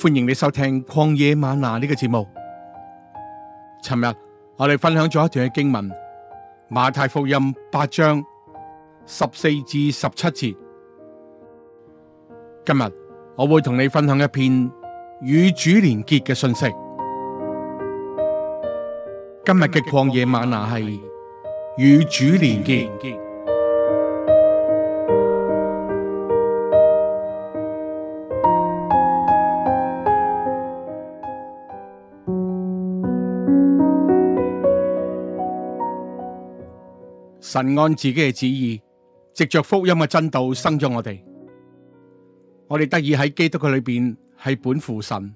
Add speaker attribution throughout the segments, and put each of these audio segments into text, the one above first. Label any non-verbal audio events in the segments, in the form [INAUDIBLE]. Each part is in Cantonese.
Speaker 1: 歡迎你收聽《曠野嗎哪》呢個節目。尋日我哋分享咗一段嘅經文，《馬太福音》八章十四至十七節。今日我會同你分享一篇與主連結嘅信息。今日嘅曠野嗎哪係與主連結。神按自己嘅旨意，藉着福音嘅真道生咗我哋，我哋得以喺基督嘅裏邊係本父神，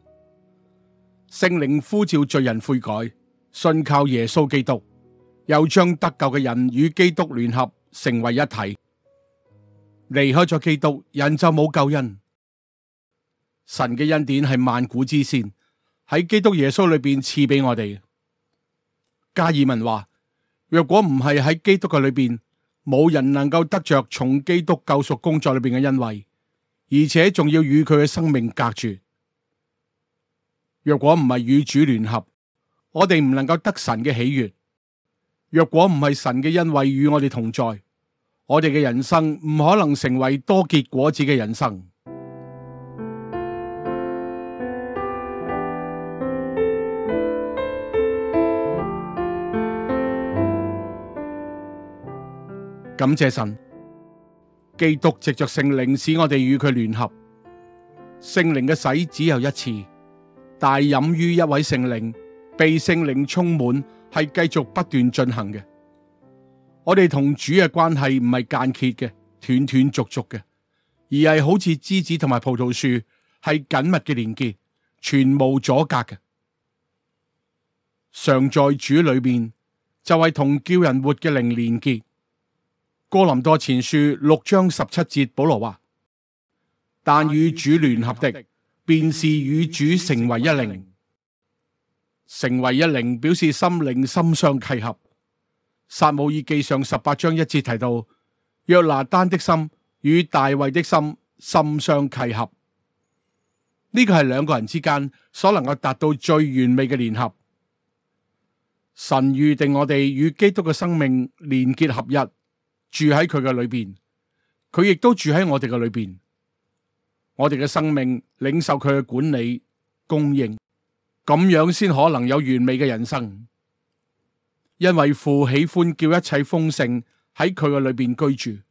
Speaker 1: 聖靈呼召罪人悔改，信靠耶穌基督，又將得救嘅人與基督聯合成為一體。離開咗基督，人就冇救恩。神嘅恩典係萬古之先，喺基督耶穌裏邊賜俾我哋。加爾文話。若果唔係喺基督嘅裏邊，冇人能夠得着從基督救贖工作裏邊嘅恩惠，而且仲要與佢嘅生命隔絕。若果唔係與主聯合，我哋唔能夠得神嘅喜悅。若果唔係神嘅恩惠與我哋同在，我哋嘅人生唔可能成為多結果子嘅人生。感謝神，基督藉着聖靈使我哋與佢聯合。聖靈嘅洗只有一次，大飲於一位聖靈，被聖靈充滿，係繼續不斷進行嘅。我哋同主嘅關係唔係間歇嘅、斷斷續續嘅，而係好似枝子同埋葡萄樹，係緊密嘅連結，全無阻隔嘅。常在主裏面，就係、是、同叫人活嘅靈連結。哥林多前書六章十七節，保羅話：但與主聯合的，便是與主成為一靈。成為一靈表示心靈心相契合。撒母耳記上十八章一節提到：約拿單的心與大衛的心心相契合。呢個係兩個人之間所能夠達到最完美嘅聯合。神預定我哋與基督嘅生命連結合一。住喺佢嘅裏邊，佢亦都住喺我哋嘅裏邊，我哋嘅生命領受佢嘅管理供應，咁樣先可能有完美嘅人生。因為父喜歡叫一切豐盛喺佢嘅裏邊居住，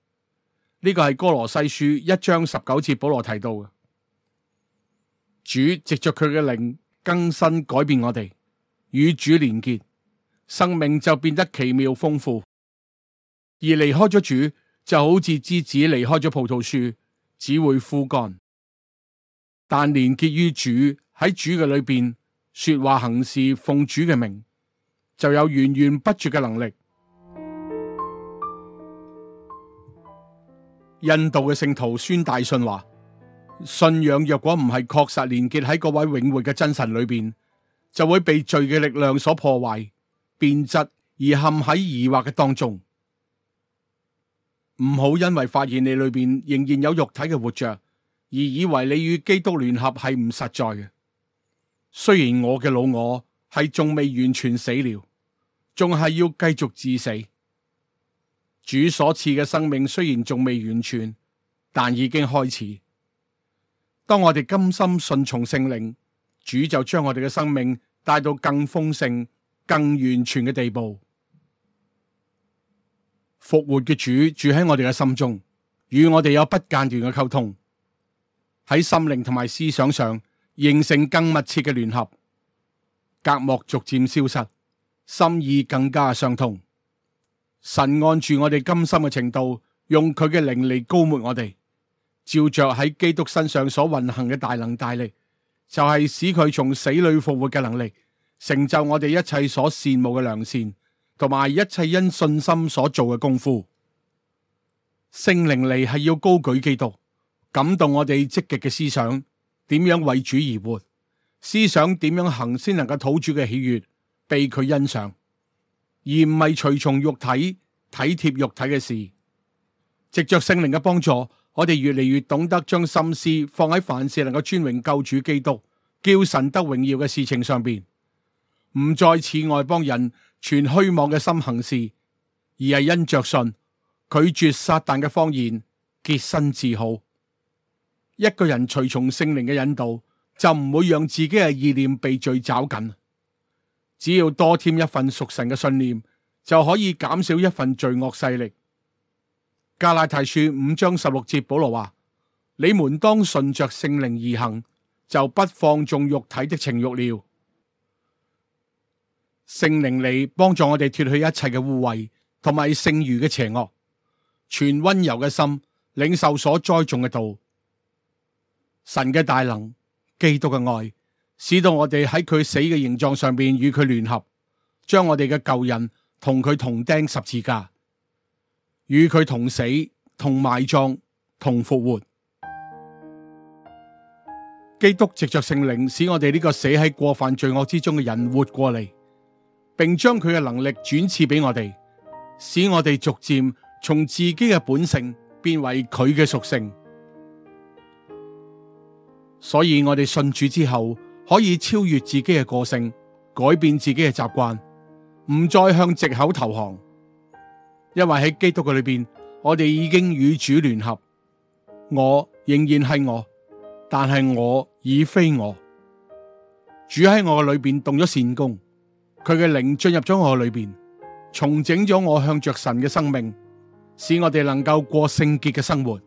Speaker 1: 呢個係哥羅西書一章十九節保羅提到嘅。主藉着佢嘅靈更新改變我哋，與主連結，生命就變得奇妙豐富。而離開咗主，就好似枝子離開咗葡萄樹，只會枯乾。但連結於主喺主嘅裏邊，說話行事奉主嘅名，就有源源不絕嘅能力。 [MUSIC] 印度嘅聖徒孫大信話：，信仰若果唔係確實連結喺嗰位永活嘅真神裏邊，就會被罪嘅力量所破壞、變質而陷喺疑惑嘅當中。唔好因為發現你裏面仍然有肉體嘅活着，而以為你與基督聯合係唔實在嘅。雖然我嘅老我係仲未完全死了，仲係要繼續致死。主所賜嘅生命雖然仲未完全，但已經開始。當我哋甘心順從聖靈，主就將我哋嘅生命帶到更豐盛、更完全嘅地步。復活嘅主住喺我哋嘅心中，與我哋有不間斷嘅溝通，喺心靈同埋思想上形成更密切嘅聯合，隔膜逐漸消失，心意更加相通。神按住我哋甘心嘅程度，用佢嘅靈力膏抹我哋，照着喺基督身上所運行嘅大能大力，就係使佢從死裏復活嘅能力，成就我哋一切所羨慕嘅良善。同埋一切因信心所做嘅功夫，聖靈嚟係要高舉基督，感動我哋積極嘅思想，點樣為主而活，思想點樣行先能夠討主嘅喜悅，被佢欣賞，而唔係隨從肉體，體貼肉體嘅事。藉着聖靈嘅幫助，我哋越嚟越懂得將心思放喺凡事能夠尊榮救主基督，叫神得榮耀嘅事情上邊。唔再似外邦人存虛妄嘅心行事，而係因着信拒絕撒旦嘅謊言，潔身自好。一個人隨從聖靈嘅引導，就唔會讓自己嘅意念被罪抓緊。只要多添一份屬神嘅信念，就可以減少一份罪惡勢力。加拉太書五章十六節，保羅話：你們當順着聖靈而行，就不放縱肉體的情慾了。聖靈嚟幫助我哋脱去一切嘅污穢、同埋盈餘嘅邪惡，存温柔嘅心，領受所栽種嘅道。神嘅大能，基督嘅愛，使到我哋喺佢死嘅形狀上邊與佢聯合，將我哋嘅舊人同佢同釘十字架，與佢同死，同埋葬、同復活。基督藉着聖靈，使我哋呢個死喺過犯罪惡之中嘅人活過嚟。並將佢嘅能力轉賜俾我哋，使我哋逐漸從自己嘅本性變為佢嘅屬性。所以我哋信主之後，可以超越自己嘅個性，改變自己嘅習慣，唔再向藉口投降。因為喺基督嘅裏邊，我哋已經與主聯合。我仍然係我，但係我已非我。主喺我嘅裏邊動咗善功。佢嘅靈進入咗我裏邊，重整咗我向着神嘅生命，使我哋能夠過聖潔嘅生活。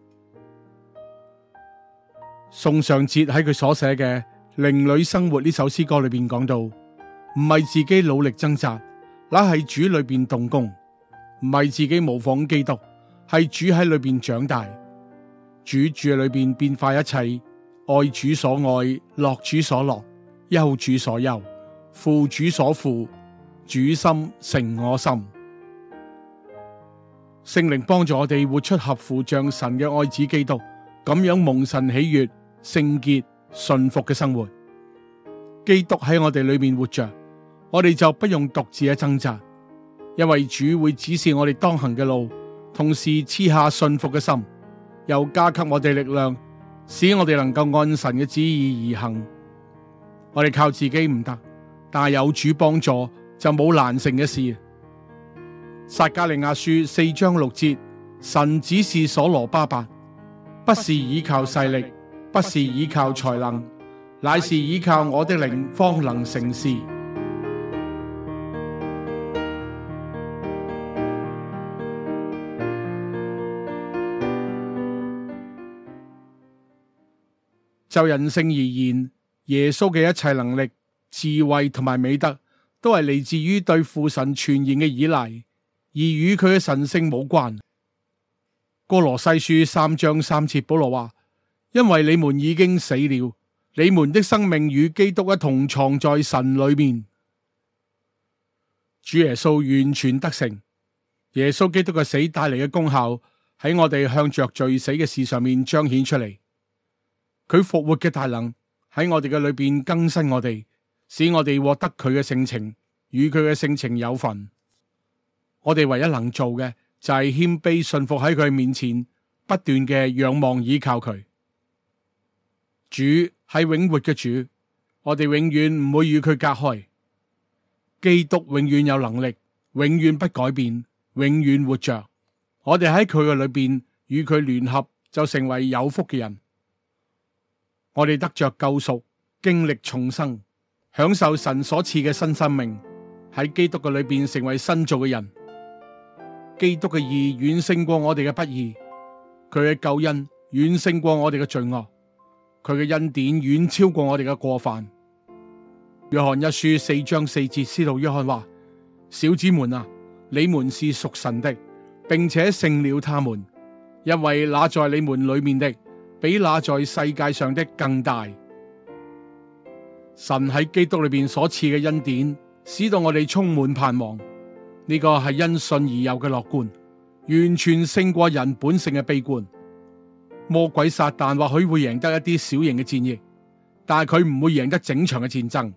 Speaker 1: 宋尚節喺佢所寫嘅《靈女生活》呢首詩歌裏邊講到，唔係自己努力掙扎，那係主裏邊動工；唔係自己模仿基督，係主喺裏邊長大。主住在裏邊變化一切，愛主所愛，樂主所樂，憂主所憂。父主所父，主心成我心，聖靈幫助我哋活出合乎像神嘅愛子基督，咁樣蒙神喜悦、聖潔、順服嘅生活。基督喺我哋裏面活着，我哋就不用獨自嘅掙扎，因為主會指示我哋當行嘅路，同時賜下順服嘅心，又加給我哋力量，使我哋能夠按神嘅旨意而行。我哋靠自己唔得。但有主幫助，就冇難成嘅事。撒加利亞書四章六節，神指示所羅巴伯，不是依靠勢力，不是依靠才能，是才能乃是依靠我的靈，方能成事。就人性而言，耶穌嘅一切能力。智慧同埋美德都係嚟自於對父神傳言嘅依賴，而與佢嘅神性冇關。哥羅西書三章三節，保羅話：因為你們已經死了，你們的生命與基督一同藏在神裏面。主耶穌完全得勝，耶穌基督嘅死帶嚟嘅功效喺我哋向着罪死嘅事上面彰顯出嚟，佢復活嘅大能喺我哋嘅裏面更新我哋。使我哋獲得佢嘅性情，與佢嘅性情有份。我哋唯一能做嘅就係謙卑信服喺佢面前，不斷嘅仰望依靠佢。主係永活嘅主，我哋永遠唔會與佢隔開。基督永遠有能力，永遠不改變，永遠活着。我哋喺佢嘅裏邊與佢聯合，就成為有福嘅人。我哋得着救贖，經歷重生。享受神所賜嘅新生命，喺基督嘅裏邊成為新造嘅人。基督嘅義遠勝過我哋嘅不義，佢嘅救恩遠勝過我哋嘅罪惡，佢嘅恩典遠超過我哋嘅過犯。約翰一書四章四節，使徒約翰話：小子們啊，你們是屬神的，並且勝了他們，因為那在你們裏面的比那在世界上的更大。神喺基督裏邊所賜嘅恩典，使到我哋充滿盼望。呢個係因信而有嘅樂觀，完全勝過人本性嘅悲觀。魔鬼撒旦或許會贏得一啲小型嘅戰役，但係佢唔會贏得整場嘅戰爭，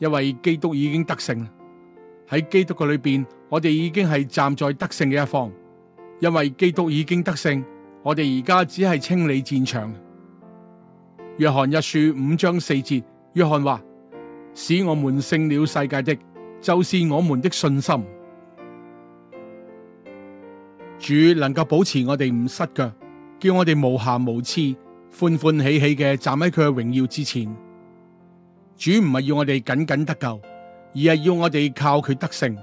Speaker 1: 因為基督已經得勝。喺基督嘅裏邊，我哋已經係站在得勝嘅一方，因為基督已經得勝。我哋而家只係清理戰場。約翰一書五章四節。約翰話：使我們勝了世界的，就是我們的信心。主能夠保持我哋唔失腳，叫我哋無瑕無疵，歡歡喜喜嘅站喺佢嘅榮耀之前。主唔係要我哋僅僅得救，而係要我哋靠佢得勝。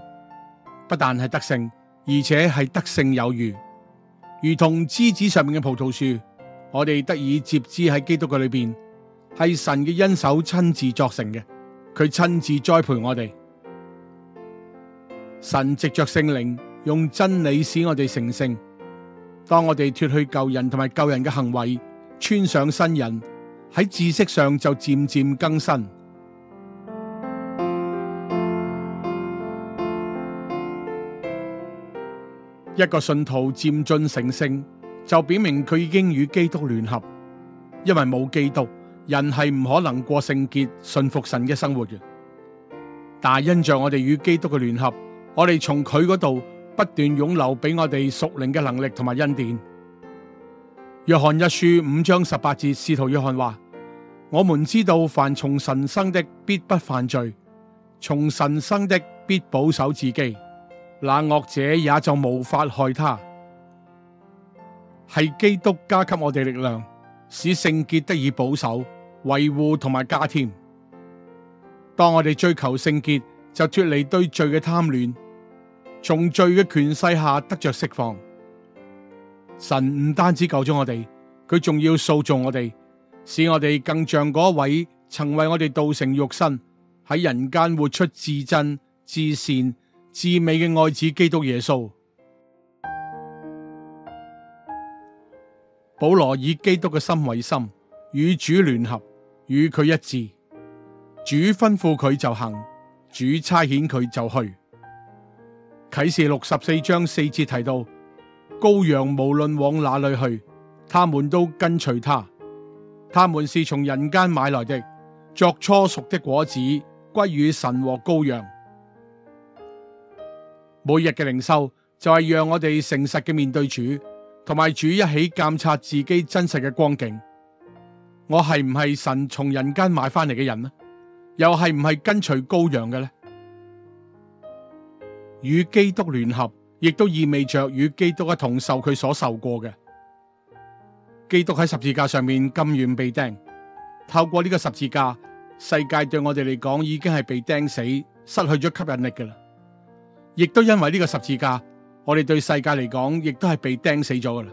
Speaker 1: 不但係得勝，而且係得勝有餘，如同枝子上面嘅葡萄樹，我哋得以接枝喺基督嘅裏邊。係神嘅恩手親自作成嘅，佢親自栽培我哋。神藉着聖靈用真理使我哋成聖，當我哋脱去舊人同埋舊人嘅行為，穿上新人，喺知識上就漸漸更新。一個信徒漸進成聖，就表明佢已經與基督聯合，因為冇基督。人係唔可能過聖潔、順服神嘅生活嘅，但係因着我哋與基督嘅聯合，我哋從佢嗰度不斷湧流俾我哋屬靈嘅能力同埋恩典。約翰一書五章十八節，使徒約翰話：我們知道，凡從神生的，必不犯罪；從神生的，必保守自己。那惡者也就無法害他。係基督加給我哋力量，使聖潔得以保守。維護同埋加添，當我哋追求聖潔，就脫離對罪嘅貪戀，從罪嘅權勢下得着釋放。神唔單止救咗我哋，佢仲要塑造我哋，使我哋更像嗰一位曾為我哋道成肉身喺人間活出至真、至善、至美嘅愛子基督耶穌。保羅以基督嘅心為心。與主聯合，與佢一致，主吩咐佢就行，主差遣佢就去。啟示六十四章四節提到，羔羊無論往哪裏去，他們都跟隨他。他們是從人間買來的，作初熟的果子歸於神和羔羊。每日嘅靈修就係讓我哋誠實嘅面對主，同埋主一起監察自己真實嘅光景。我係唔係神從人間買翻嚟嘅人呢？又係唔係跟隨羔羊嘅呢？與基督聯合，亦都意味着與基督一同受佢所受過嘅。基督喺十字架上面甘願被釘。透過呢個十字架，世界對我哋嚟講已經係被釘死，失去咗吸引力噶啦。亦都因為呢個十字架，我哋對世界嚟講，亦都係被釘死咗噶啦。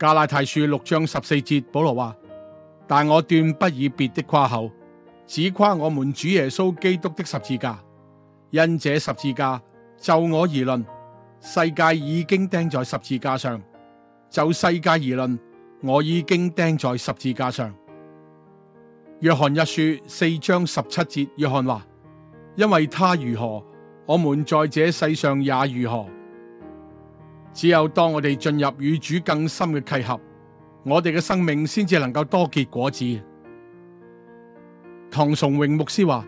Speaker 1: 加拉太書六章十四節，保羅話。但我斷不以別的誇口，只誇我們主耶穌基督的十字架。因這十字架，就我而論，世界已經釘在十字架上；就世界而論，我已經釘在十字架上。約翰一書四章十七節，約翰話：因為他如何，我們在這世上也如何。只有當我哋進入與主更深嘅契合。我哋嘅生命先至能夠多結果子。唐崇榮牧師話：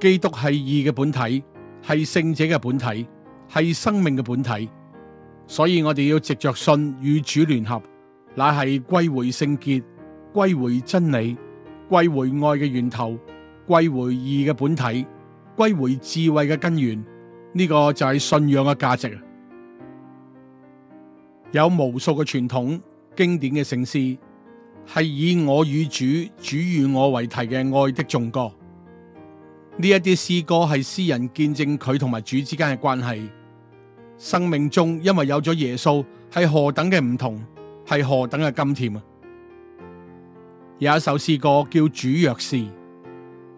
Speaker 1: 基督係義嘅本體，係聖者嘅本體，係生命嘅本體。所以我哋要藉着信與主聯合，乃係歸回聖潔，歸回真理，歸回愛嘅源頭，歸回義嘅本體，歸回智慧嘅根源。呢個就係信仰嘅價值。有無數嘅傳統。經典嘅聖詩係以我與主、主與我為題嘅愛的頌歌。呢一啲詩歌係詩人見證佢同埋主之間嘅關係，生命中因為有咗耶穌係何等嘅唔同，係何等嘅甘甜啊！有一首詩歌叫《主若是》，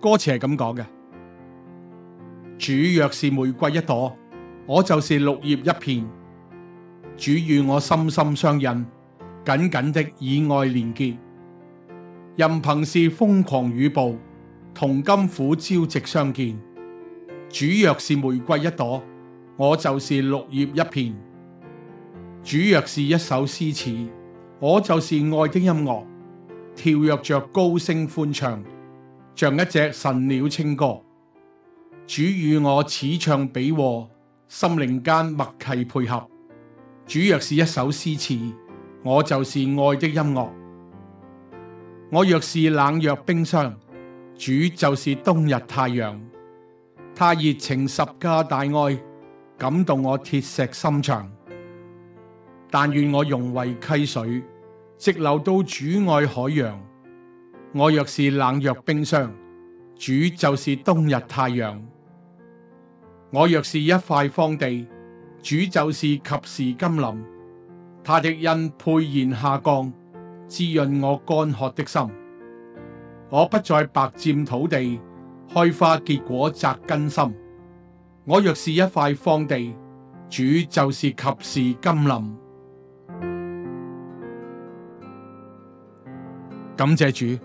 Speaker 1: 歌詞係咁講嘅：主若是玫瑰一朵，我就是綠葉一片。主與我心心相印，緊緊的以愛連結，任憑是風狂雨暴，同甘苦朝夕相見。主若是玫瑰一朵，我就是綠葉一片；主若是一首詩詞，我就是愛的音樂，跳躍着高聲歡唱，像一隻神鳥清歌。主與我此唱彼和，心靈間默契配合。主若是一首詩詞。我就是愛的音樂，我若是冷若冰霜，主就是冬日太陽，他熱情十加大愛，感動我鐵石心腸。但願我融為溪水，直流到主愛海洋。我若是冷若冰霜，主就是冬日太陽。我若是一塊荒地，主就是及時甘霖。他的恩沛然下降，滋潤我乾渴的心。我不再白佔土地，開花結果紮根深。我若是一塊荒地，主就是及時甘霖。感謝主，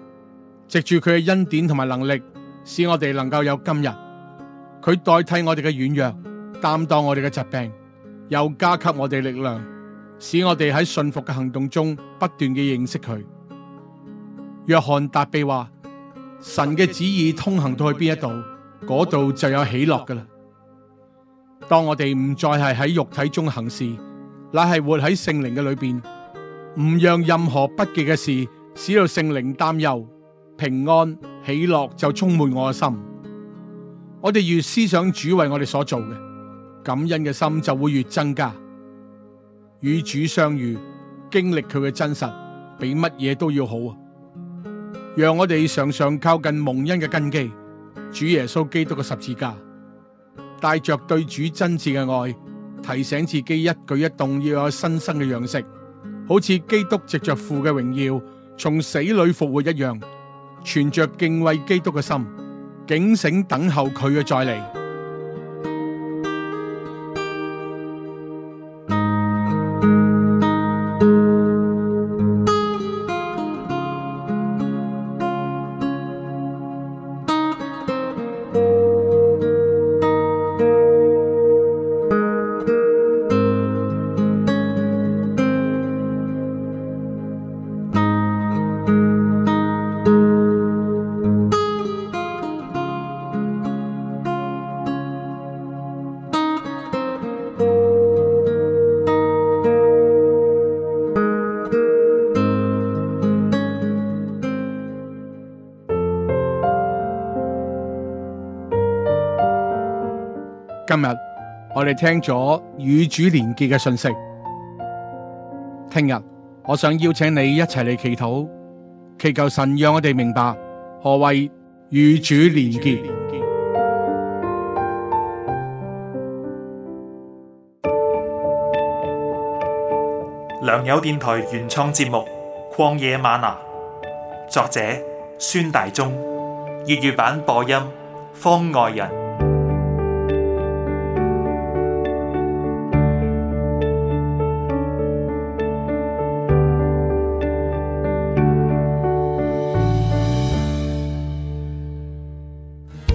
Speaker 1: 藉住佢嘅恩典同埋能力，使我哋能夠有今日。佢代替我哋嘅軟弱，擔當我哋嘅疾病，又加給我哋力量。使我哋喺信服嘅行動中不斷嘅認識佢。約翰達秘話：神嘅旨意通行到去邊一度，嗰度就有喜樂噶啦。當我哋唔再係喺肉體中行事，乃係活喺聖靈嘅裏邊，唔讓任何不潔嘅事使到聖靈擔憂，平安喜樂就充滿我嘅心。我哋越思想主為我哋所做嘅，感恩嘅心就會越增加。與主相遇，經歷佢嘅真實，比乜嘢都要好啊！讓我哋常常靠近蒙恩嘅根基，主耶穌基督嘅十字架，帶着對主真摯嘅愛，提醒自己一舉一動要有新生嘅樣式，好似基督藉着父嘅榮耀從死裏復活一樣，存着敬畏基督嘅心，警醒等候佢嘅再嚟。今日我哋聽咗與主連結嘅信息，聽日我想邀請你一齊嚟祈禱，祈求神讓我哋明白何謂與主連結。良友電台原創節目《曠野嗎哪》，作者孫大中，粵語版播音方外人。